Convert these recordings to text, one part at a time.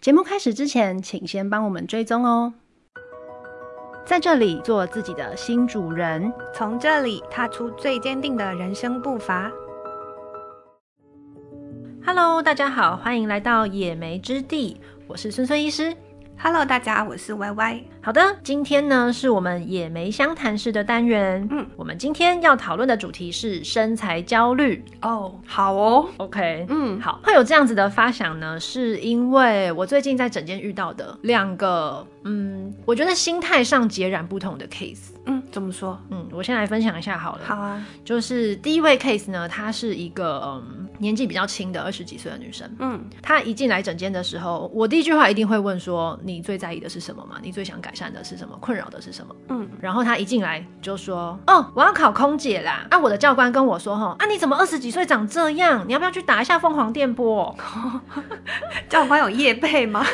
節目開始之前，請先幫我們追蹤哦。在這裡做自己的新主人，從這裡踏出最堅定的人生步伐。Hello，大家好，歡迎來到野莓之地，我是孫孫醫師。Hello，大家，我是 YY。好的，今天呢是我們野莓相談室的單元。嗯，我們今天要討論的主題是身材焦慮。oh, 哦。好哦，OK，嗯，好。會有這樣子的發想呢，是因為我最近在診間遇到的兩個，嗯，我覺得心態上截然不同的 case。嗯，怎麼說？嗯，我先來分享一下好了。好啊。就是第一位 case 呢，她是一個、嗯、年紀比較輕的二十幾歲的女生。嗯，她一進來診間的時候，我第一句話一定會問說：“你最在意的是什麼嗎？你最想改？”改善的是什麼？困擾的是什麼？嗯，然後他一進來就說：“哦，我要考空姐啦。啊”那我的教官跟我說：“哈，啊，你怎麼二十幾歲長這樣？你要不要去打一下鳳凰電波？”教官有業配嗎？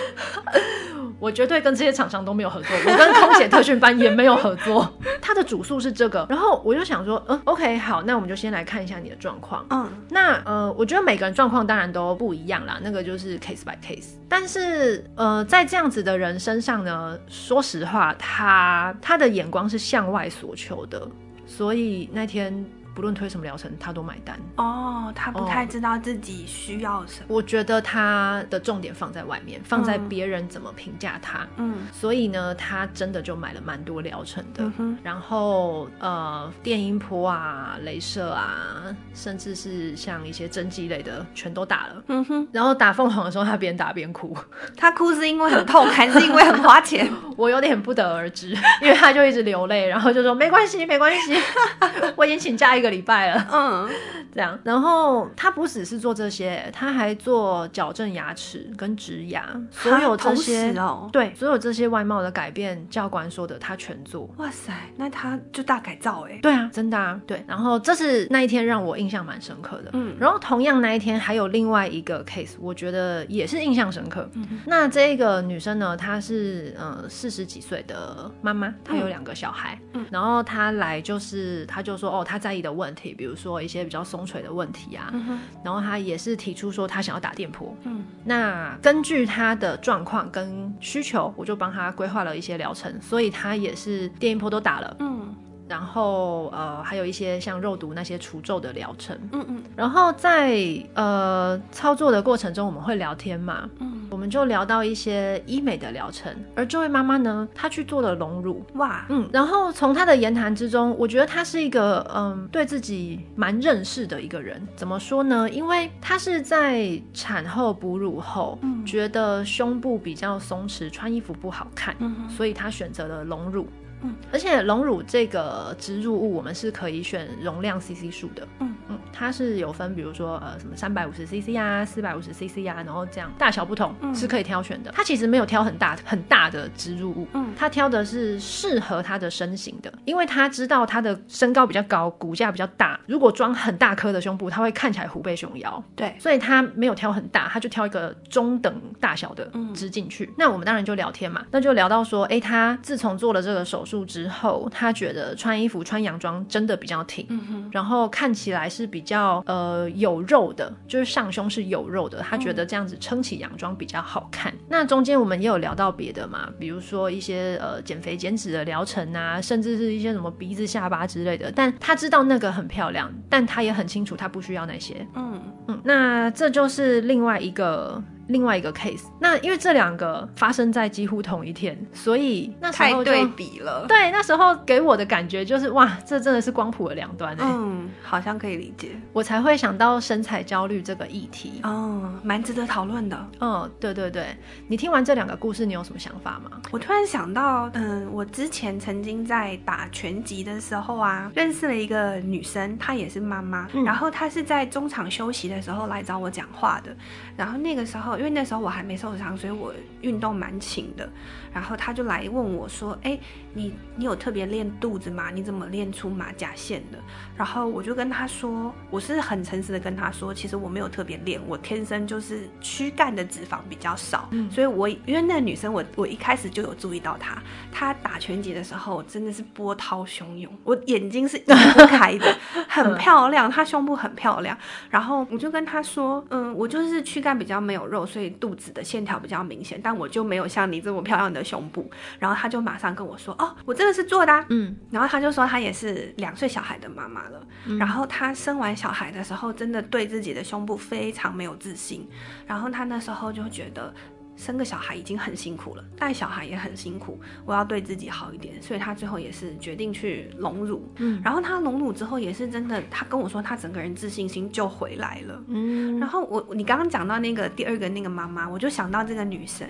我絕對跟這些廠商都沒有合作，我跟空姐特訓班也沒有合作。 他的主訴是這個，然後我就想說：“嗯，OK，好，那我們就先來看一下你的狀況。嗯，那呃，我覺得每個人狀況當然都不一樣啦，那個就是 case by case。但是呃，在這樣子的人身上呢，說。實話，他他的眼光是向外索求的，所以那天，不論推什麼療程，他都買單。哦，他不太知道自己需要什麼。Oh, 我覺得他的重點放在外面，放在別人怎麼評價他。嗯，所以呢，他真的就買了蠻多療程的。嗯哼。然後，呃，電音波啊，鐳射啊，甚至是像一些針劑類的，全都打了。嗯哼。然後打鳳凰的時候，他邊打邊哭。他哭是因為很痛， 還是因為很花錢？ 我有點不得而知，因為他就一直流淚，然後就說沒關係，沒關係，哈哈 我已經請假一個。個禮拜了， 嗯，這樣，然後他不只是做這些，他還做矯正牙齒跟植牙，所有這些哦，對，所有這些外貌的改變，教官說的，他全做。哇塞，那他就大改造哎，欸，對啊，真的啊，對。然後這是那一天讓我印象蠻深刻的，嗯，然後同樣那一天還有另外一個 case，我覺得也是印象深刻。嗯、那這個女生呢，她是呃四十幾歲的媽媽，她有兩個小孩，嗯，嗯然後她來就是她就說哦，她在意的問題，比如說一些比較鬆垂的問題啊，嗯、然後他也是提出說他想要打電波、嗯，那根據他的狀況跟需求，我就幫他規劃了一些療程，所以他也是電波都打了，嗯然後呃，還有一些像肉毒那些除皺的療程，嗯嗯。然後在呃操作的過程中，我們會聊天嘛，嗯，我們就聊到一些醫美的療程。而這位媽媽呢，她去做了隆乳，哇，嗯。然後從她的言談之中，我覺得她是一個嗯、呃、對自己蠻認識的一個人。怎麼說呢？因為她是在產後哺乳後，嗯，覺得胸部比較鬆弛，穿衣服不好看，嗯，嗯，所以她選擇了隆乳。嗯，而且隆乳這個植入物，我們是可以選容量 CC 數的。嗯嗯，它是有分，比如說呃什麼三百五十 CC 呀，四百五十 CC 呀，然後這樣大小不同，嗯、是可以挑選的。它其實沒有挑很大很大的植入物，嗯，它挑的是適合他的身形的，因為他知道他的身高比較高，骨架比較大，如果裝很大顆的胸部，他會看起來虎背熊腰。對，所以他沒有挑很大，他就挑一個中等大小的植進去，嗯。那我們當然就聊天嘛，那就聊到說，哎，欸，他自從做了這個手術之後，她覺得穿衣服、穿洋裝真的比較挺、嗯，然後看起來是比較呃有肉的，就是上胸是有肉的。她覺得這樣子撐起洋裝比較好看。嗯、那中間我們也有聊到別的嘛，比如說一些呃減肥減脂的療程啊，甚至是一些什麼鼻子、下巴之類的。但她知道那個很漂亮，但她也很清楚她不需要那些。嗯嗯，那這就是另外一個。另外一個 case，那因為這兩個發生在幾乎同一天，所以那時候就太對比了。對，那時候給我的感覺就是哇，這真的是光譜的兩端、欸、嗯，好像可以理解。我才會想到身材焦慮這個議題。哦，蠻值得討論的。嗯，對對對。你聽完這兩個故事，你有什麼想法嗎？我突然想到，嗯，我之前曾經在打拳擊的時候啊，認識了一個女生，她也是媽媽，嗯、然後她是在中場休息的時候來找我講話的，然後那個時候。因為那時候我還沒受傷，所以我運動蠻勤的。然後他就來問我說：“哎，你你有特別練肚子嗎？你怎麼練出馬甲線的？”然後我就跟他說，我是很誠實的跟他說，其實我沒有特別練，我天生就是軀幹的脂肪比較少。嗯，所以我因為那個女生我，我我一開始就有注意到她，她打拳擊的時候真的是波濤洶湧，我眼睛是睜不開的， 很漂亮，嗯，她胸部很漂亮。然後我就跟她說：“嗯，我就是軀幹比較沒有肉。”所以肚子的線條比較明顯，但我就沒有像你這麼漂亮的胸部。然後他就馬上跟我說：“哦，我這個是做的啊。嗯。”然後他就說他也是兩歲小孩的媽媽了。嗯。然後他生完小孩的時候，真的對自己的胸部非常沒有自信。然後他那時候就覺得。生個小孩已經很辛苦了，帶小孩也很辛苦，我要對自己好一點，所以他最後也是決定去隆乳，嗯，然後他隆乳之後也是真的，他跟我說他整個人自信心就回來了，嗯，然後我你剛剛講到那個第二個那個媽媽，我就想到這個女生，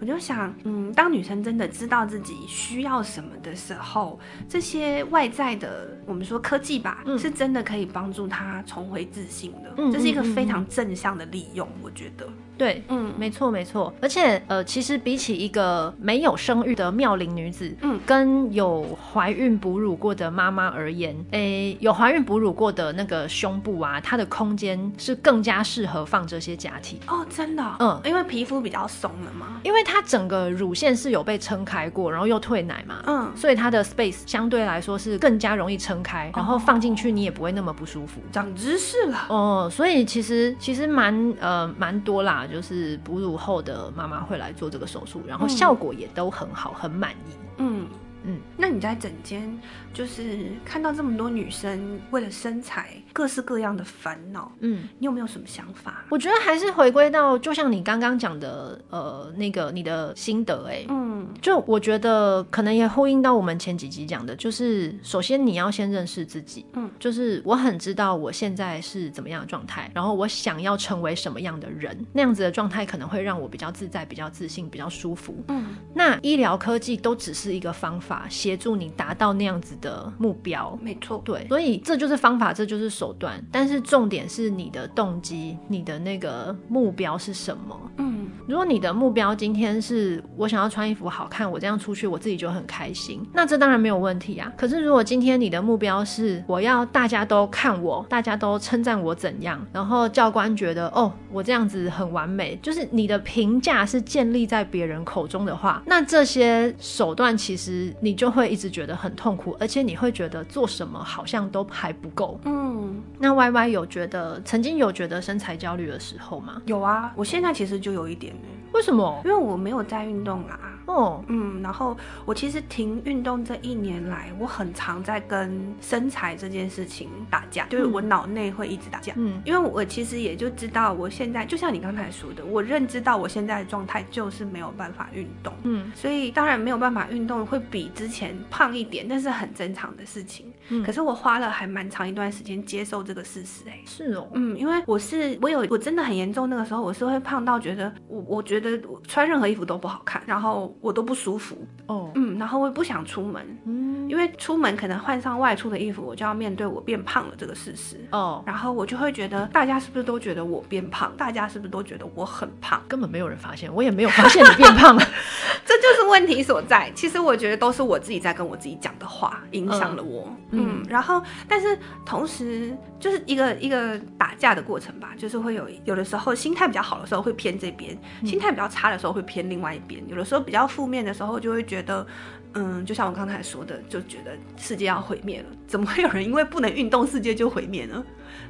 我就想，嗯，當女生真的知道自己需要什麼的時候，這些外在的我們說科技吧、嗯，是真的可以幫助她重回自信的嗯嗯嗯嗯，這是一個非常正向的利用，我覺得。對，嗯，沒錯沒錯，而且呃，其實比起一個沒有生育的妙齡女子，嗯，跟有懷孕哺乳過的媽媽而言，誒，有懷孕哺乳過的那個胸部啊，它的空間是更加適合放這些假體。哦，真的，哦，嗯，因為皮膚比較鬆了嘛，因為它整個乳腺是有被撐開過，然後又退奶嘛，嗯，所以它的 space 相對來說是更加容易撐開，然後放進去你也不會那麼不舒服。長知識了，哦，嗯，所以其實其實蠻呃蠻多啦。就是哺乳後的媽媽會來做這個手術，然後效果也都很好，嗯、很滿意。嗯嗯，那你在診間就是看到這麼多女生為了身材各式各樣的煩惱，嗯，你有沒有什麼想法？我覺得還是回歸到，就像你剛剛講的，呃，那個你的心得、欸，哎，嗯,就我覺得可能也呼應到我們前幾集講的，就是首先你要先認識自己，嗯，就是我很知道我現在是怎麼樣的狀態，然後我想要成為什麼樣的人，那樣子的狀態可能會讓我比較自在、比較自信、比較舒服，嗯，那醫療科技都只是一個方法，協助你達到那樣子的目標，沒錯，對，所以這就是方法，這就是手段，但是重點是你的動機，你的。那個目標是什麼？嗯，如果你的目標今天是我想要穿衣服好看，我這樣出去我自己就很開心，那這當然沒有問題啊。可是如果今天你的目標是我要大家都看我，大家都稱讚我怎樣，然後教官覺得哦，我這樣子很完美，就是你的評價是建立在別人口中的話，那這些手段其實你就會一直覺得很痛苦，而且你會覺得做什麼好像都還不夠。嗯，那 YY 有覺得，曾經有覺得身材焦慮。的時候嗎？有啊，我現在其實就有一點。為什麼？因為我沒有在運動啦、啊。哦、oh.，嗯，然後我其實停運動這一年來，我很常在跟身材這件事情打架，就是、嗯、我腦內會一直打架，嗯，因為我其實也就知道，我現在就像你剛才說的，我認知到我現在的狀態就是沒有辦法運動，嗯，所以當然沒有辦法運動會比之前胖一點，那是很正常的事情，嗯，可是我花了還蠻長一段時間接受這個事實、欸，哎，是哦，嗯，因為我是我有我真的很嚴重，那個時候我是會胖到覺得我我覺得我穿任何衣服都不好看，然後。我都不舒服哦，oh. 嗯，然後我也不想出門，嗯，因為出門可能換上外出的衣服，我就要面對我變胖了這個事實哦，oh. 然後我就會覺得大家是不是都覺得我變胖？大家是不是都覺得我很胖？根本沒有人發現，我也沒有發現你變胖了， 這就是問題所在。其實我覺得都是我自己在跟我自己講的話，影響了我，嗯，嗯嗯然後但是同時就是一個一個打架的過程吧，就是會有有的時候心態比較好的時候會偏這邊，嗯、心態比較差的時候會偏另外一邊，嗯、有的時候比較。負面的時候就會覺得，嗯，就像我剛才說的，就覺得世界要毀滅了。怎麼會有人因為不能運動，世界就毀滅呢？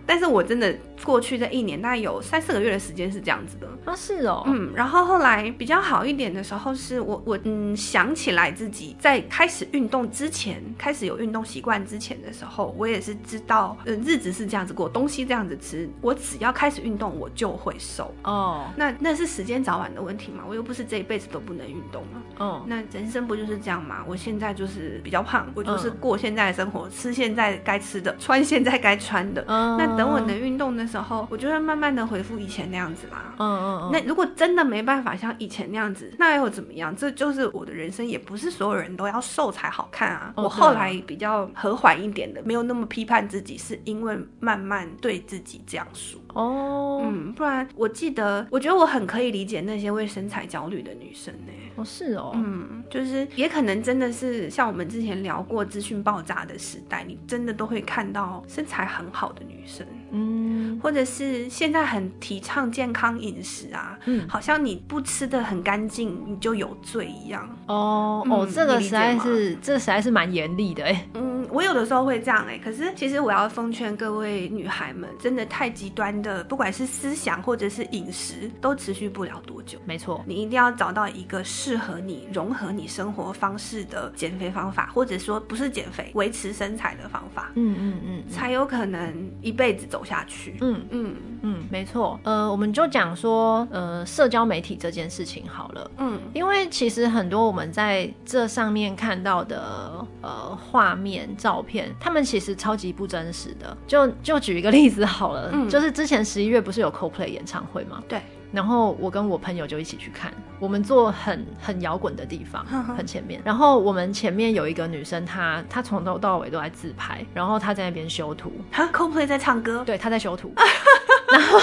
但是我真的過去這一年，大概有三四個月的時間是這樣子的啊，是哦，嗯，然後後來比較好一點的時候，是我我嗯想起來自己在開始運動之前，開始有運動習慣之前的時候，我也是知道，嗯，日子是這樣子過，東西這樣子吃，我只要開始運動，我就會瘦哦。Oh. 那那是時間早晚的問題嘛，我又不是這一輩子都不能運動嘛，哦，oh.，那人生不就是這樣嘛？我現在就是比較胖，我就是過現在的生活，oh. 吃現在該吃的，穿現在該穿的，嗯。那等我能運動的時候，我就會慢慢的恢復以前那樣子啦。嗯嗯，嗯。那如果真的沒辦法像以前那樣子，那又怎麼樣？這就是我的人生，也不是所有人都要瘦才好看啊。哦、我後來比較和緩一點的，沒有那麼批判自己，是因為慢慢對自己這樣說。哦，嗯，不然我記得，我覺得我很可以理解那些為身材焦慮的女生呢。哦，是哦，嗯，就是也可能真的是像我們之前聊過，資訊爆炸的時代，你真的都會看到身材很好的女生。嗯，或者是現在很提倡健康飲食啊，嗯，好像你不吃得很乾淨，你就有罪一樣。哦、嗯、哦，這個實在是，這個、實在是蠻嚴厲的。嗯，我有的時候會這樣哎、欸，可是其實我要奉勸各位女孩們，真的太極端的，不管是思想或者是飲食，都持續不了多久。沒錯，你一定要找到一個適合你、融合你生活方式的減肥方法，或者說不是減肥，維持身材的方法。嗯嗯嗯，才有可能一輩子都走下去。嗯，嗯嗯嗯，沒錯，呃，我們就講說，呃，社交媒體這件事情好了，嗯，因為其實很多我們在這上面看到的呃畫面、照片，他們其實超級不真實的。就就舉一個例子好了，嗯、就是之前十一月不是有 Coldplay 演唱會嗎？對。然後我跟我朋友就一起去看，我們坐很很搖滾的地方呵呵，很前面。然後我們前面有一個女生她，她她從頭到尾都在自拍，然後她在那邊修圖。啊，Coldplay 在唱歌，對，她在修圖。 然後。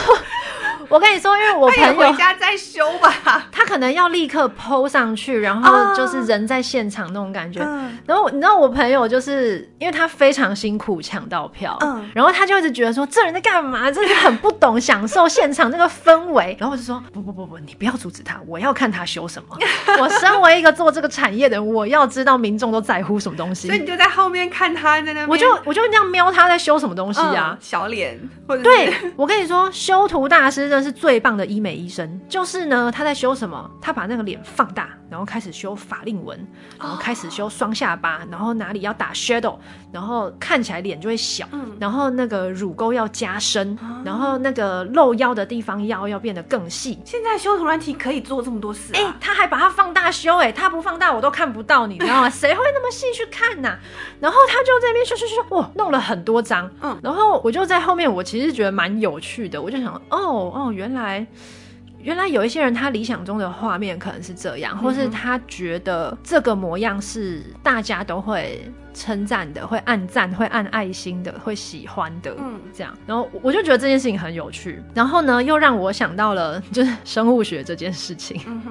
我跟你說，因為我朋友他可能要立刻 po 上去，然後就是人在現場那種感覺。然後，你知道我朋友就是因為他非常辛苦搶到票，嗯，然後他就一直覺得說這人在幹嘛？這人很不懂享受現場那個氛圍。然後我就說不不不不，你不要阻止他，我要看他修什麼。我身為一個做這個產業的人，我要知道民眾都在乎什麼東西。所以你就在後面看他那那，我就我就那樣瞄他在修什麼東西啊？小臉或者，對，我跟你說修圖大師。那是最棒的醫美醫生，就是呢，他在修什麼？他把那個臉放大，然後開始修法令紋，然後開始修雙下巴，然後哪裡要打 shadow，然後看起來臉就會小，然後那個乳溝要加深，然後那個露腰的地方腰要變得更細。現在修圖軟體可以做這麼多事，啊，哎、欸，他還把它放大修，欸，哎，他不放大我都看不到，你知道嗎？誰 會那麼細去看吶，啊？然後他就在那邊修修修，哇，弄了很多張，嗯，然後我就在後面，我其實覺得蠻有趣的，我就想，哦哦。哦，原來，原來有一些人他理想中的畫面可能是這樣，嗯，或是他覺得這個模樣是大家都會稱讚的，會按讚，會按愛心的，會喜歡的，嗯，這樣。然後我就覺得這件事情很有趣，然後呢，又讓我想到了就是生物學這件事情。嗯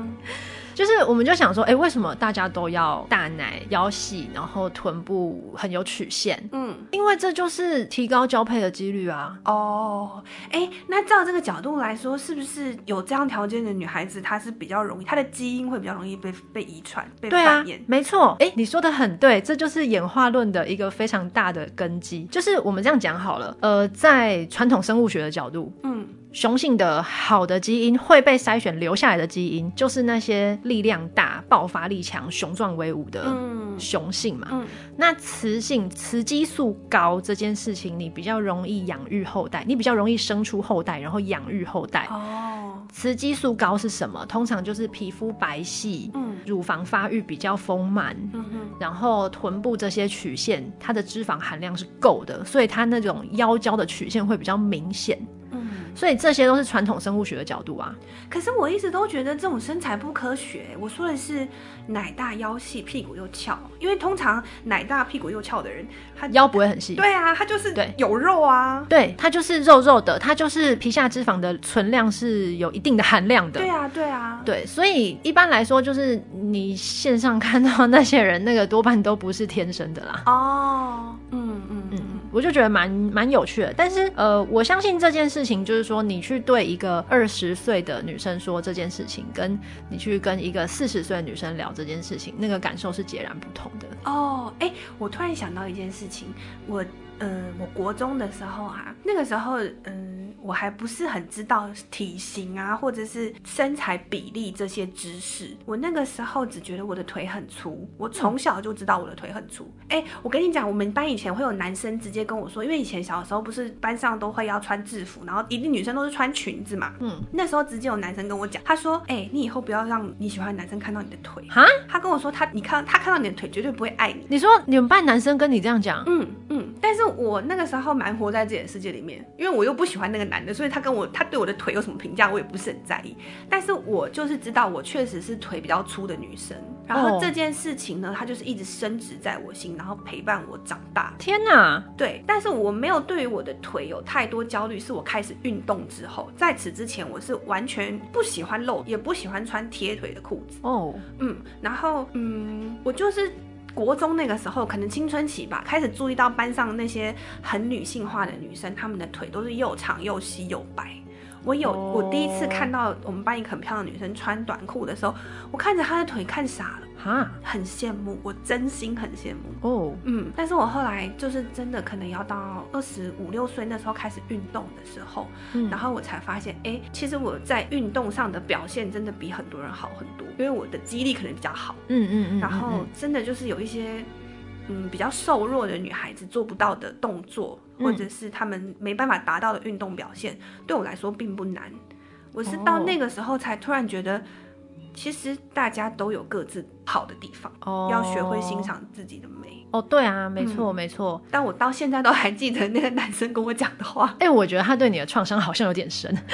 就是，我們就想說，欸，為什麼大家都要大奶、腰細，然後臀部很有曲線？嗯，因為這就是提高交配的幾率啊。哦，欸，那照這個角度來說，是不是有這樣條件的女孩子，她是比較容易，她的基因會比較容易被被遺傳？對啊，沒錯。欸，你說得很對，這就是演化論的一個非常大的根基。就是我們這樣講好了，呃，在傳統生物學的角度，嗯。雄性的好的基因會被篩選留下來的基因，就是那些力量大、爆發力強、雄壯威武的雄性嘛。嗯嗯、那雌性雌激素高這件事情，你比較容易養育後代，你比較容易生出後代，然後養育後代。哦，雌激素高是什麼？通常就是皮膚白皙，嗯，乳房發育比較豐滿、嗯，然後臀部這些曲線，它的脂肪含量是夠的，所以它那種腰膠的曲線會比較明顯。所以這些都是傳統生物學的角度啊。可是我一直都覺得這種身材不科學。我說的是奶大腰細屁股又翹，因為通常奶大屁股又翹的人，他腰不會很細。對啊，他就是對，有肉啊。對，他就是肉肉的，他就是皮下脂肪的存量是有一定的含量的。對啊，對啊，對。所以一般來說，就是你線上看到那些人，那個多半都不是天生的啦。哦，嗯。我就覺得蠻蠻有趣的，但是呃，我相信這件事情就是說，你去對一個二十歲的女生說這件事情，跟你去跟一個四十歲的女生聊這件事情，那個感受是截然不同的哦。誒、oh, 欸，我突然想到一件事情，我呃，我國中的時候啊，那個時候嗯。呃我還不是很知道體型啊，或者是身材比例這些知識。我那個時候只覺得我的腿很粗，我從小就知道我的腿很粗。哎、欸，我跟你講，我們班以前會有男生直接跟我說，因為以前小的時候不是班上都會要穿制服，然後一定女生都是穿裙子嘛。嗯，那時候直接有男生跟我講，他說，哎、欸，你以後不要讓你喜歡的男生看到你的腿哈，他跟我說他，他你看他看到你的腿絕對不會愛你。你說你們班男生跟你這樣講？嗯嗯。但是我那個時候蠻活在自己的世界裡面，因為我又不喜歡那個男生。所以他跟我，他對我的腿有什麼評價，我也不是很在意。但是我就是知道，我確實是腿比較粗的女生。然後這件事情呢，它就是一直深植在我心，然後陪伴我長大。天哪、啊，對。但是我沒有對於我的腿有太多焦慮，是我開始運動之後，在此之前我是完全不喜歡露，也不喜歡穿貼腿的褲子。哦，嗯，然後嗯，我就是。國中那個時候，可能青春期吧，開始注意到班上那些很女性化的女生，她們的腿都是又長又細又白。我有，我第一次看到我們班一個很漂亮的女生穿短褲的時候，我看着她的腿看傻了，哈，很羨慕，我真心很羨慕。哦，嗯，但是我後來就是真的可能要到二十五六歲那時候開始運動的時候，嗯，然後我才發現，哎，其實我在運動上的表現真的比很多人好很多，因為我的肌力可能比較好，嗯嗯嗯，然後真的就是有一些，嗯，比較瘦弱的女孩子做不到的動作。或者是他們沒辦法達到的運動表現，嗯，對我來說並不難。我是到那個時候才突然覺得。其實大家都有各自好的地方，oh. 要學會欣賞自己的美。哦、oh,，對啊，沒錯、嗯，沒錯。但我到現在都還記得那個男生跟我講的話。哎、欸，我覺得他對你的創傷好像有點深。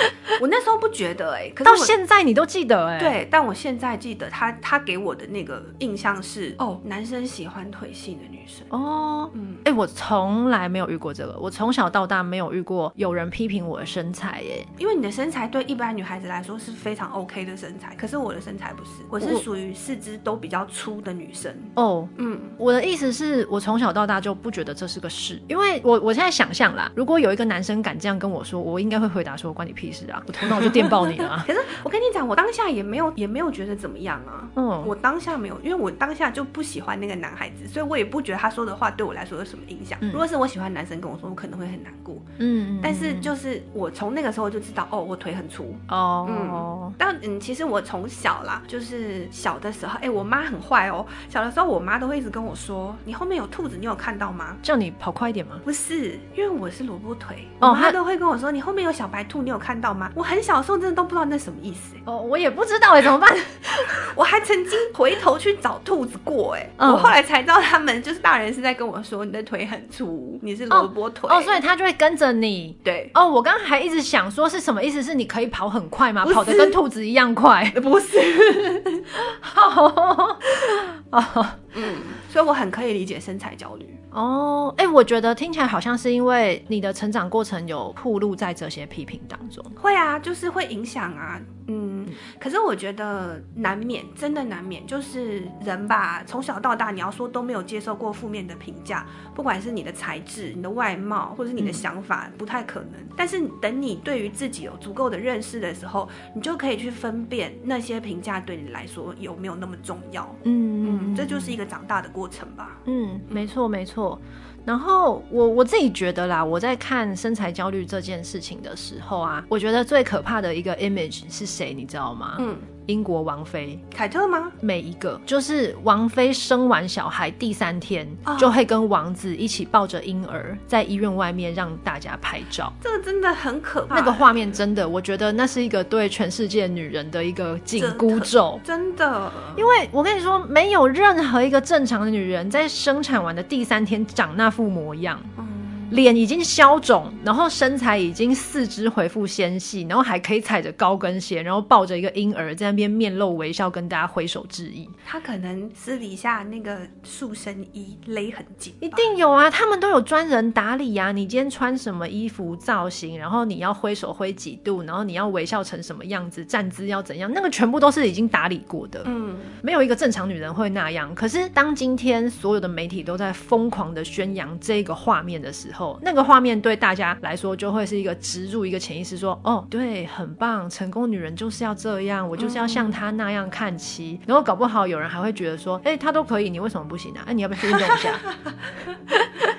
我那時候不覺得哎、欸，可是到現在你都記得哎、欸。對，但我現在記得他，他給我的那個印象是，哦，男生喜歡腿細的女生。哦、oh.，嗯，哎、欸，我從來沒有遇過這個，我從小到大沒有遇過有人批評我的身材、欸，哎，因為你的身材對一般女孩子來說是非常 OK 的身材，可是我的身。身材不是，我是屬於四肢都比較粗的女生哦。Oh, 嗯，我的意思是我從小到大就不覺得這是個事，因為我我現在想象啦，如果有一個男生敢這樣跟我說，我應該會回答說關你屁事啊！我頭腦就電爆你了啊！ 可是我跟你講，我當下也沒有也沒有覺得怎麼樣啊。嗯、oh.，我當下沒有，因為我當下就不喜歡那個男孩子，所以我也不覺得他說的話對我來說有什麼影響、嗯。如果是我喜歡的男生跟我說，我可能會很難過。嗯，但是就是我從那個時候就知道，哦，我腿很粗哦。Oh. 嗯，但嗯，其實我從小啦，就是小的時候，哎、欸，我媽很壞哦、喔。小的時候，我媽都會一直跟我說，你後面有兔子，你有看到嗎？叫你跑快一點嗎？不是，因為我是蘿蔔腿。Oh, 我媽都會跟我說，你後面有小白兔，你有看到嗎？Oh, 我很小的時候真的都不知道那什麼意思、欸。哦、oh,，我也不知道哎、欸，怎麼辦？ 我還曾經回頭去找兔子過哎、欸。Oh. 我後來才知道，他們就是大人是在跟我說，你的腿很粗，你是蘿蔔腿。哦、oh, oh,，所以他就會跟着你。對。哦、oh,，我剛剛還一直想說是什麼意思，是你可以跑很快嗎？跑得跟兔子一樣快？ 不是。 好，啊、嗯，嗯， 所以我很可以理解身材焦慮。哦，哎，我覺得聽起來好像是因為你的成長過程有暴露在這些批評當中。會啊，就是會影響啊、嗯，嗯。可是我覺得難免，真的難免，就是人吧，從小到大，你要說都沒有接受過負面的評價，不管是你的才智，你的外貌，或者是你的想法、嗯，不太可能。但是等你對於自己有足夠的認識的時候，你就可以去分辨那些評價對你來說有沒有那麼重要。嗯嗯，嗯，嗯，嗯，這就是一個長大的過程吧。嗯，嗯，沒錯，沒錯。然後我我自己覺得啦，我在看身材焦慮這件事情的時候啊，我覺得最可怕的一個 image 是誰，你知道嗎？嗯英國王妃凱特嗎？每一個就是王妃生完小孩第三天，哦，就會跟王子一起抱着嬰兒，在醫院外面讓大家拍照。這個真的很可怕，那個畫面真的，我覺得那是一個對全世界女人的一個緊箍咒。真的，真的，因為我跟你說，沒有任何一個正常的女人在生產完的第三天長那副模樣。嗯。臉已經消腫，然後身材已經四肢恢復纖細，然後還可以踩着高跟鞋，然後抱着一個嬰兒在那邊面露微笑，跟大家揮手致意。她可能私底下那個塑身衣勒很緊，一定有啊，他們都有專人打理呀、啊。你今天穿什麼衣服造型，然後你要揮手揮幾度，然後你要微笑成什麼樣子，站姿要怎樣，那個全部都是已經打理過的。嗯，沒有一個正常女人會那樣。可是當今天所有的媒體都在瘋狂的宣揚這個畫面的時候。那個畫面對大家來說就會是一個植入一個潛意識說，說哦，對，很棒，成功女人就是要這樣，我就是要像她那樣看齊。嗯。然後搞不好有人還會覺得說，哎，她都可以，你為什麼不行啊？哎，你要不要運動一下？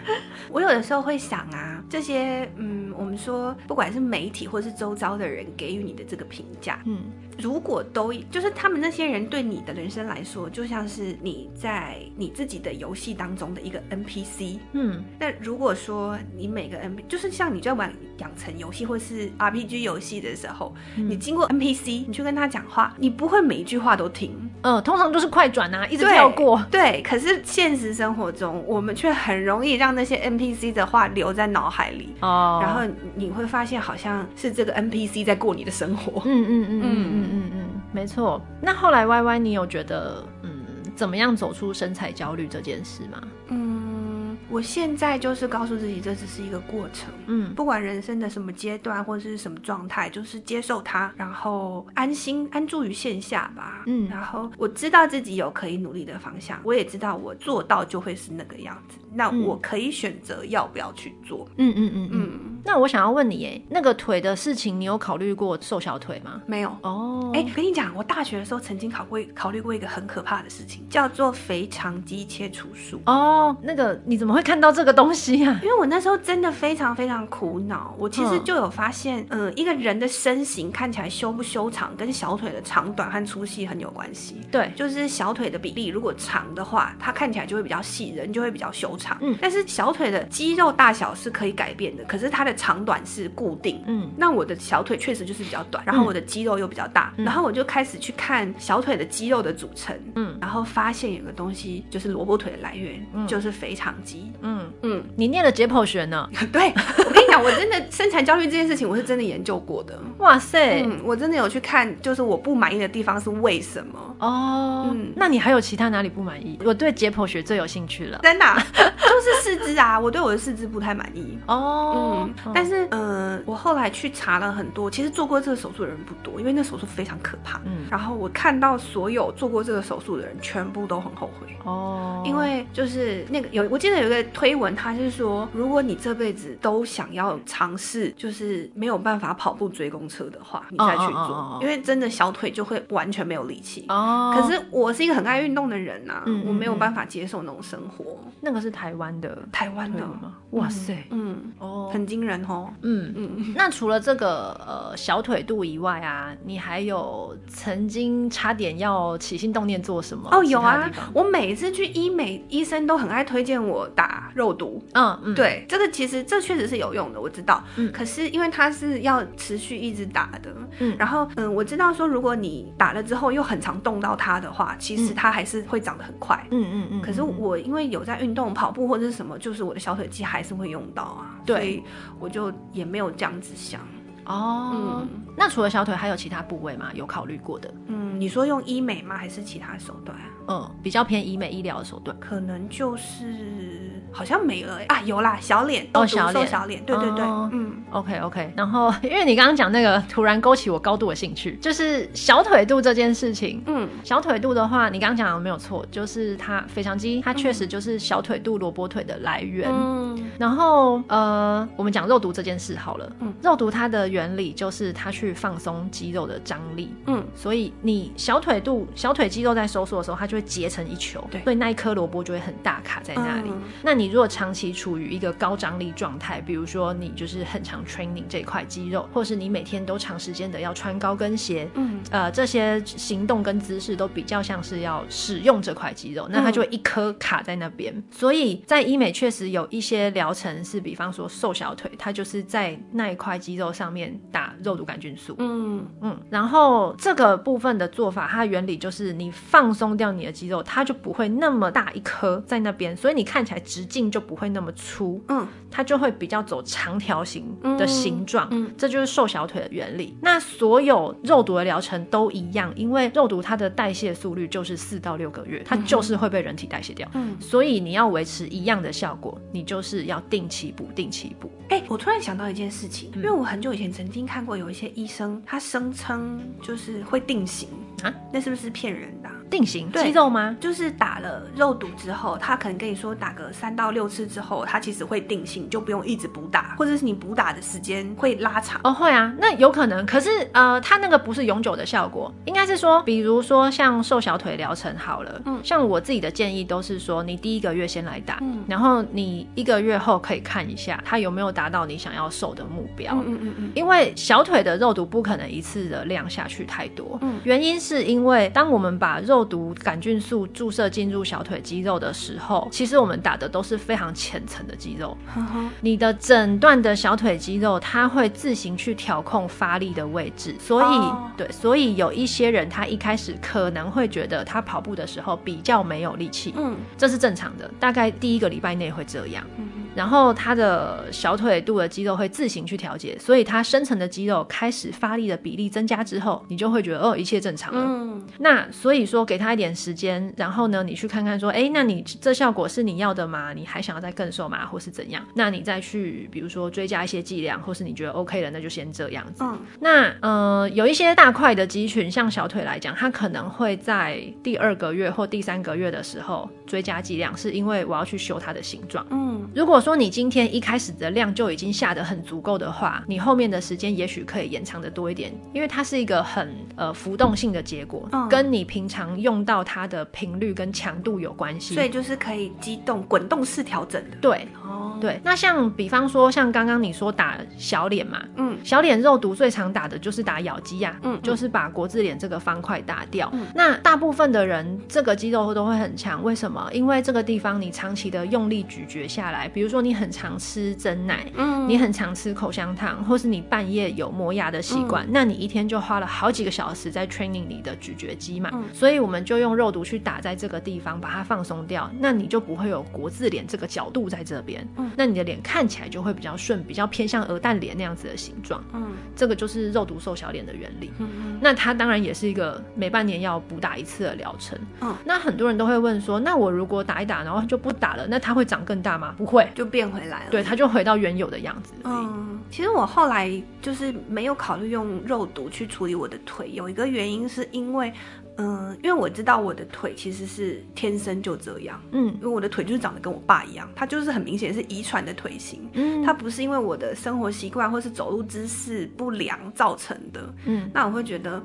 我有的時候會想啊，這些嗯，我們說不管是媒體或者是周遭的人給予你的這個評價，嗯。如果都就是他們那些人對你的人生來說，就像是你在你自己的遊戲當中的一個 NPC。嗯，那如果說你每個 NP，就是像你在玩養成遊戲或是 RPG 遊戲的時候，嗯，你經過 NPC，你去跟他講話，你不會每一句話都聽。嗯、呃，通常都是快轉啊，一直跳過。對。對。可是現實生活中，我們卻很容易讓那些 NPC 的話留在腦海裡。哦。然後你會發現，好像是這個 NPC 在過你的生活。嗯嗯嗯嗯嗯。嗯嗯嗯嗯嗯，沒錯。那後來 YY，你有覺得嗯，怎麼樣走出身材焦慮這件事嗎？嗯，我現在就是告訴自己，這只是一個過程。嗯，不管人生的什麼階段或是什麼狀態，就是接受它，然後安心安住於現下吧。嗯，然後我知道自己有可以努力的方向，我也知道我做到就會是那個樣子。那我可以選擇要不要去做。嗯嗯嗯嗯。嗯嗯嗯那我想要問你，哎，那個腿的事情，你有考慮過瘦小腿嗎？沒有。哦、oh. 欸，哎，我跟你講，我大學的時候曾經考過考慮過一個很可怕的事情，叫做腓腸肌切除術。哦、oh,，那個你怎麼會看到這個東西啊？因為我那時候真的非常非常苦惱。我其實就有發現，嗯、huh. 呃，一個人的身形看起來修不修長，跟小腿的長短和粗細很有關係。對，就是小腿的比例如果長的話，它看起來就會比較細，人就會比較修長。嗯，但是小腿的肌肉大小是可以改變的，可是它的長短是固定，嗯，那我的小腿確實就是比較短，然後我的肌肉又比較大，嗯、然後我就開始去看小腿的肌肉的組成，嗯，然後發現有個東西就是蘿蔔腿的來源，嗯，就是腓腸肌，嗯嗯。你念了解剖學呢？ 對，我跟你講，我真的身材焦慮這件事情，我是真的研究過的。哇塞，嗯、我真的有去看，就是我不滿意的地方是為什麼？哦、嗯，那你還有其他哪裡不滿意？我對解剖學最有興趣了，真的、啊。 是四肢啊，我對我的四肢不太滿意哦。嗯，但是呃我後來去查了很多，其實做過這個手術的人不多，因為那手術非常可怕。嗯，然後我看到所有做過這個手術的人，全部都很後悔哦。因為就是那個有，我記得有一個推文，他是說，如果你這輩子都想要嘗試，就是沒有辦法跑步追公車的話，你再去做，哦哦哦哦，因為真的小腿就會完全沒有力氣哦。可是我是一個很愛運動的人吶、啊，嗯嗯嗯，我沒有辦法接受那種生活。那個是台灣。台灣的嗎？哇塞，嗯，哦、嗯，嗯 oh. 很驚人哦，嗯嗯嗯。 那除了這個呃小腿肚以外啊，你還有曾經差點要起心動念做什麼？哦、oh，有啊，我每次去醫美，醫生都很愛推薦我打肉毒。嗯嗯，對，這個其實這確實是有用的，我知道。嗯，可是因為它是要持續一直打的，嗯，然後嗯，我知道說如果你打了之後又很常動到它的話，其實它還是會長得很快。嗯嗯嗯。可是我因為有在運動，跑步或者。是什麼？就是我的小腿肌還是會用到啊，對，所以我就也沒有這樣子想哦。Oh. 嗯那除了小腿還有其他部位嗎？有考慮過的？嗯，你說用醫美嗎？還是其他手段？啊？嗯，比較偏醫美醫療的手段，可能就是好像沒了，欸、啊，有啦，小臉哦，小臉，小臉，對對對，嗯，嗯，OK OK，然後因為你剛剛講那個突然勾起我高度的興趣，就是小腿肚這件事情。嗯，小腿肚的話，你剛剛講的沒有錯，就是它腓腸肌，它確實就是小腿肚蘿蔔腿的來源。嗯，然後呃，我們講肉毒這件事好了。嗯，肉毒它的原理就是它。去放鬆肌肉的張力，嗯，所以你小腿肚，小腿肌肉在收縮的時候，它就會結成一球，對，所以那一顆蘿蔔就會很大卡在那裡。嗯嗯，那你如果長期處於一個高張力狀態，比如說你就是很常 training 這塊肌肉，或者是你每天都長時間的要穿高跟鞋，嗯，呃，這些行動跟姿勢都比較像是要使用這塊肌肉，那它就會一顆卡在那邊，嗯。所以在醫美確實有一些療程是，比方說瘦小腿，它就是在那一塊肌肉上面打肉毒感覺。嗯嗯，然後這個部分的做法，它原理就是你放鬆掉你的肌肉，它就不會那麼大一顆在那邊，所以你看起來直徑就不會那麼粗。嗯，它就會比較走長條形的形狀，嗯，嗯，這就是瘦小腿的原理。那所有肉毒的療程都一樣，因為肉毒它的代謝速率就是四到六個月，它就是會被人體代謝掉。嗯，所以你要維持一樣的效果，你就是要定期補，定期補。哎，我突然想到一件事情，因為我很久以前曾經看過有一些醫。醫生，他聲稱就是會定型啊，那是不是騙人的啊？定型，對肌肉嗎？就是打了肉毒之後，他可能跟你說打個三到六次之後，他其實會定型，就不用一直補打，或者是你補打的時間會拉長哦，會啊，那有可能。可是呃，他那個不是永久的效果，應該是說，比如說像瘦小腿療程好了，嗯，像我自己的建議都是說，你第一個月先來打，嗯，然後你一個月後可以看一下他有沒有達到你想要瘦的目標，嗯，嗯嗯嗯，因為小腿的肉毒不可能一次的量下去太多，嗯，原因是因為當我們把肉毒桿菌素注射進入小腿肌肉的時候，其實我們打的都是非常淺層的肌肉。呵呵你的整段的小腿肌肉，它會自行去調控發力的位置。所以，哦、對，所以有一些人，他一開始可能會覺得他跑步的時候比較沒有力氣，嗯，這是正常的，大概第一個禮拜內會這樣、嗯。然後他的小腿肚的肌肉會自行去調節，所以他深層的肌肉開始發力的比例增加之後，你就會覺得哦，一切正常了。嗯，那所以說。給他一點時間，然後呢，你去看看說，哎、欸，那你這效果是你要的嗎？你還想要再更瘦嗎，或是怎樣？那你再去，比如說追加一些劑量，或是你覺得 OK 了，那就先這樣子。嗯、那呃，有一些大塊的肌群，像小腿來講，它可能會在第二個月或第三個月的時候追加劑量，是因為我要去修它的形狀。嗯。如果說你今天一開始的量就已經下得很足夠的話，你後面的時間也許可以延長的多一點，因為它是一個很呃浮動性的結果，嗯、跟你平常。用到它的頻率跟強度有關係，所以就是可以機動滾動式調整的。對、哦，對。那像比方說，像剛剛你說打小臉嘛，嗯，小臉肉毒最常打的就是打咬肌呀、啊嗯，嗯，就是把國字臉這個方塊打掉、嗯。那大部分的人這個肌肉都會很強，為什麼？因為這個地方你長期的用力咀嚼下來，比如說你很常吃珍奶，嗯，你很常吃口香糖，或是你半夜有磨牙的習慣、嗯，那你一天就花了好幾個小時在 training 你的咀嚼肌嘛、嗯，所以。所以我們就用肉毒去打在這個地方，把它放鬆掉，那你就不會有國字臉這個角度在這邊，嗯，那你的臉看起來就會比較順，比較偏向鵝蛋臉那樣子的形狀，嗯，這個就是肉毒瘦小臉的原理。嗯嗯，那它當然也是一個每半年要補打一次的療程。嗯，那很多人都會問說，那我如果打一打，然後就不打了，那它會長更大嗎？不會，就變回來了。對，它就回到原有的樣子。嗯，其實我後來就是沒有考慮用肉毒去處理我的腿，有一個原因是因為。嗯，因為我知道我的腿其實是天生就這樣。嗯，因為我的腿就是長得跟我爸一樣，他就是很明顯是遺傳的腿型。嗯，它不是因為我的生活習慣或是走路姿勢不良造成的。嗯，那我會覺得。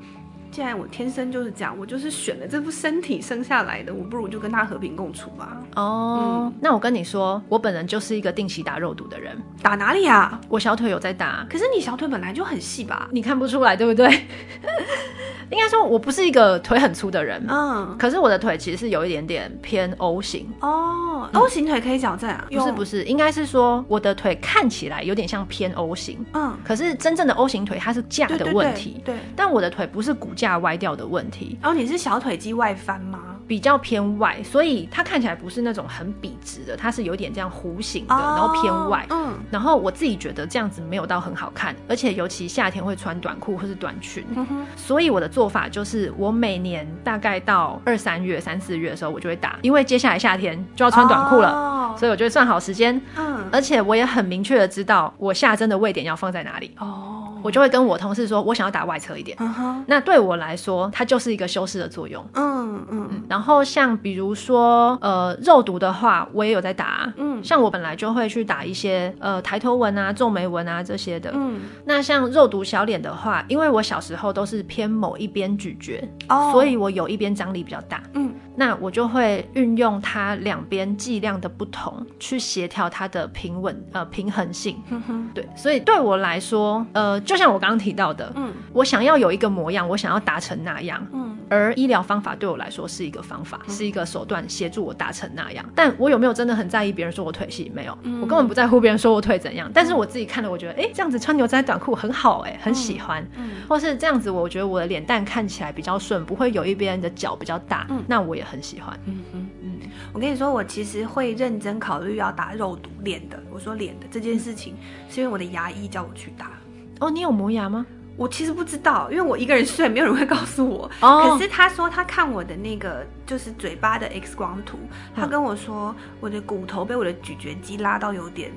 既然我天生就是這樣，我就是選了這副身體生下來的，我不如就跟他和平共處吧。哦、oh, 嗯，那我跟你說，我本人就是一個定期打肉毒的人，打哪裡啊？我小腿有在打，可是你小腿本來就很細吧？你看不出來對不對？ 應該說我不是一個腿很粗的人，嗯，可是我的腿其實是有一點點偏 O 型。哦、嗯 oh,，O 型腿可以矯正啊？不是不是，應該是說我的腿看起來有點像偏 O 型，嗯，可是真正的 O 型腿它是架的問題，對，對，對，對，對，但我的腿不是骨架歪掉的問題，哦，然後你是小腿肌外翻嗎？比較偏外，所以它看起來不是那種很筆直的，它是有點這樣弧形的，哦，然後偏外。嗯，然後我自己覺得這樣子沒有到很好看，而且尤其夏天會穿短褲或是短裙，嗯，所以我的做法就是我每年大概到二三月，三四月的時候我就會打，因為接下來夏天就要穿短褲了，哦，所以我就會算好時間。嗯，而且我也很明確的知道我下針的位點要放在哪裡。哦。 我就會跟我同事說，我想要打外側一點。Uh -huh. 那對我來說，它就是一個修飾的作用。嗯、uh -huh. 嗯，然後像比如說，呃，肉毒的話，我也有在打、啊。嗯、uh -huh.，像我本來就會去打一些，呃，抬頭紋啊、皺眉紋啊這些的。嗯、uh -huh.，那像肉毒小臉的話，因為我小時候都是偏某一邊咀嚼，uh -huh. 所以我有一邊張力比較大。Uh -huh. 嗯。那我就會運用它兩邊劑量的不同，去協調它的平穩呃平衡性，呵呵。對，所以對我來說，呃，就像我剛剛提到的，嗯，我想要有一個模樣，我想要達成那樣，嗯，而醫療方法對我來說是一個方法，嗯、是一個手段，協助我達成那樣。但我有沒有真的很在意別人說我腿細？沒有、嗯，我根本不在乎別人說我腿怎樣。但是我自己看了，我覺得，哎、嗯，這樣子穿牛仔短褲很好、欸，哎，很喜歡嗯。嗯，或是這樣子，我覺得我的臉蛋看起來比較順，不會有一邊的腳比較大。嗯，那我也。很喜歡，嗯嗯嗯，我跟你說，我其實會認真考慮要打肉毒臉的。我說臉的這件事情，是因為我的牙醫叫我去打。哦，你有磨牙嗎？我其實不知道，因為我一個人睡，沒有人會告訴我。哦，可是他說他看我的那個就是嘴巴的 X 光圖，他跟我說我的骨頭被我的咀嚼肌拉到有點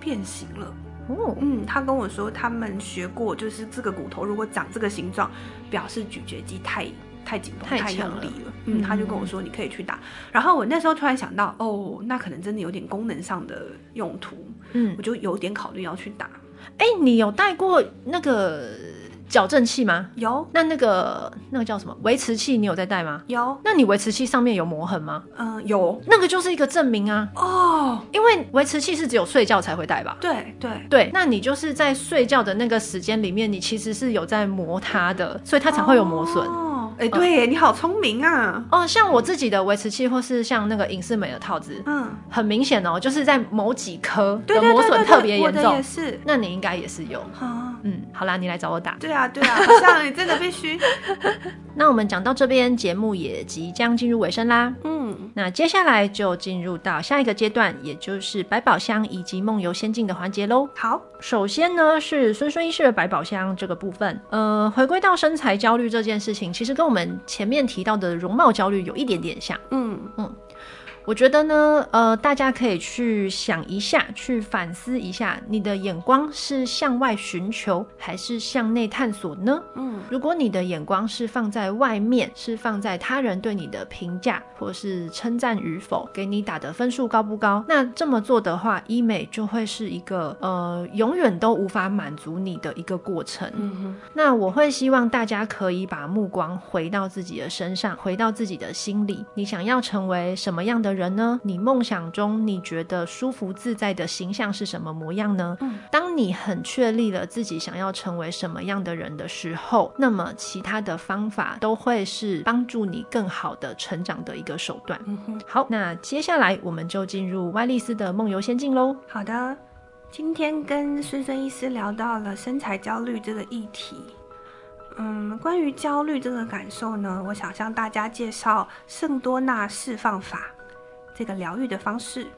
變形了。哦，嗯，他跟我說他們學過，就是這個骨頭如果長這個形狀，表示咀嚼肌太。太緊繃，太，太用力了。嗯，嗯，他就跟我說，你可以去打，然後我那時候突然想到，哦，那可能真的有點功能上的用途，嗯，我就有點考慮要去打。哎、欸，你有帶過那個矯正器嗎？有。那那個那個叫什麼維持器？你有在帶嗎？有。那你維持器上面有磨痕嗎？嗯，有。那個就是一個證明啊。哦，因為維持器是只有睡覺才會帶吧？對對對。那你就是在睡覺的那個時間裡面，你其實是有在磨它的，所以它才會有磨損。哦哎、欸，對、哦，你好聰明啊！哦，像我自己的維持器，或是像那個隱適美的套子，嗯，很明顯哦，就是在某幾顆的磨損特別嚴重。對對對對對對，我的也是。那你應該也是有。啊嗯，好啦，你來找我打。對啊，對啊，好像 你真的必須。 那我們講到這邊，節目也即將進入尾聲啦。嗯，那接下來就進入到下一個階段，也就是百寶箱以及夢遊仙境的環節嘍。好，首先呢是孫孫醫師的百寶箱這個部分。呃，回歸到身材焦慮這件事情，其實跟我們前面提到的容貌焦慮有一點點像。嗯嗯。我覺得呢，呃，大家可以去想一下，去反思一下，你的眼光是向外尋求還是向內探索呢？嗯，如果你的眼光是放在外面，是放在他人對你的評價或是稱讚與否，給你打的分數高不高？那這麼做的話，醫美就會是一個呃，永遠都無法滿足你的一個過程。嗯哼，那我會希望大家可以把目光回到自己的身上，回到自己的心裡，你想要成為什麼樣的人？人呢？你夢想中你覺得舒服自在的形象是什麼模樣呢？嗯，當你很確立了自己想要成為什麼樣的人的時候，那麼其他的方法都會是幫助你更好的成長的一個手段。嗯哼，好，那接下來我們就進入歪麗絲的夢遊仙境嘍。好的，今天跟孫孫醫師聊到了身材焦慮這個議題。嗯，關於焦慮這個感受呢，我想向大家介紹聖多納釋放法。這個療癒的方式，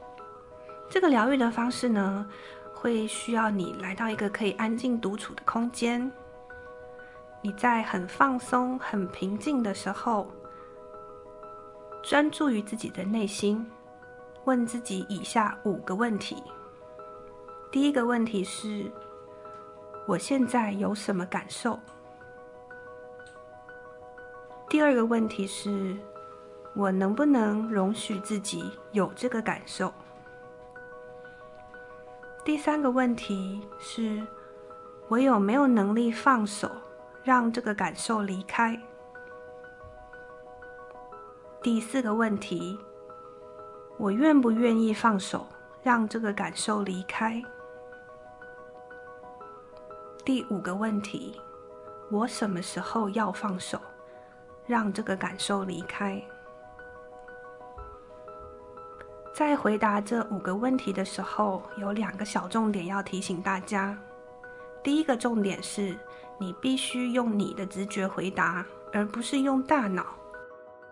這個療癒的方式呢，會需要你來到一個可以安靜獨處的空間。你在很放鬆、很平靜的時候，專注於自己的內心，問自己以下五個問題。第一個問題是：我現在有什麼感受？第二個問題是：我能不能容許自己有這個感受？第三個問題是，我有沒有能力放手，讓這個感受離開？第四個問題，我願不願意放手，讓這個感受離開？第五個問題，我什麼時候要放手，讓這個感受離開？在回答這五個問題的時候，有兩個小重點要提醒大家。第一個重點是你必須用你的直覺回答，而不是用大腦，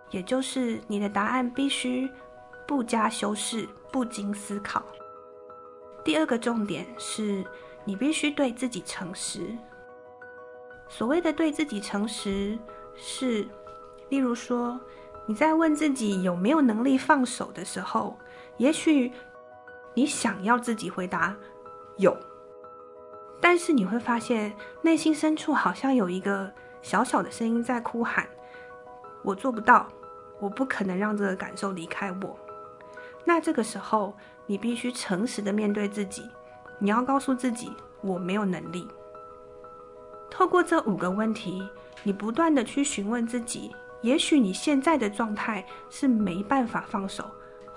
也就是你的答案必須不加修飾、不經思考。第二個重點是你必須對自己誠實。所謂的對自己誠實是，是例如說你在問自己有沒有能力放手的時候。也許你想要自己回答“有”，但是你會發現內心深處好像有一個小小的聲音在哭喊：“我做不到，我不可能讓這個感受離開我。”那這個時候，你必須誠實的面對自己，你要告訴自己：“我沒有能力。”透過這五個問題，你不斷的去詢問自己，也許你現在的狀態是沒辦法放手。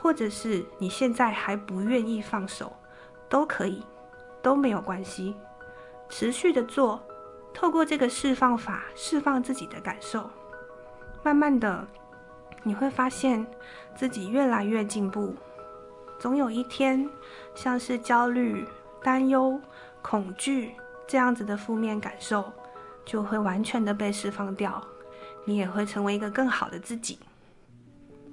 或者是你現在還不願意放手，都可以，都沒有關係。持續的做，透過這個釋放法釋放自己的感受，慢慢的，你會發現自己越來越進步。總有一天，像是焦慮、擔憂、恐懼這樣子的負面感受，就會完全的被釋放掉。你也會成為一個更好的自己。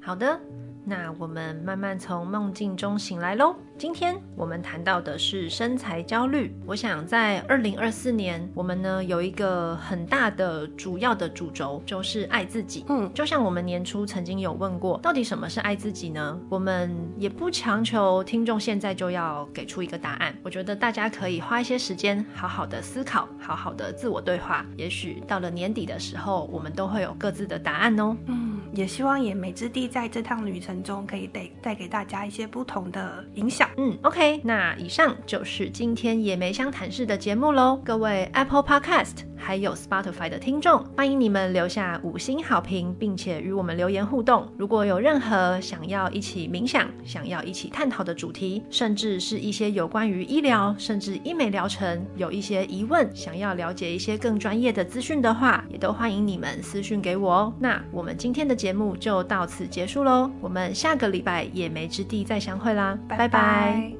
好的，那我們慢慢從夢境中醒來嘍。今天我們談到的是身材焦慮。我想在二零二四年，我們呢有一個很大的主要的主軸，就是愛自己。嗯，就像我們年初曾經有問過，到底什麼是愛自己呢？我們也不強求聽眾現在就要給出一個答案。我覺得大家可以花一些時間，好好的思考，好好的自我對話。也許到了年底的時候，我們都會有各自的答案哦。嗯。也希望野莓之地在這趟旅程中可以帶帶給大家一些不同的影響。嗯，OK，那以上就是今天野莓相談室的節目嘍。各位 Apple Podcast 還有 Spotify 的聽眾，歡迎你們留下五星好評，並且與我們留言互動。如果有任何想要一起冥想、想要一起探討的主題，甚至是一些有關於醫療甚至醫美療程有一些疑問，想要了解一些更專業的資訊的話，也都歡迎你們私訊給我哦。那我們今天的節節目就到此結束嘍，我們下個禮拜野莓之地再相會啦，拜拜。拜拜。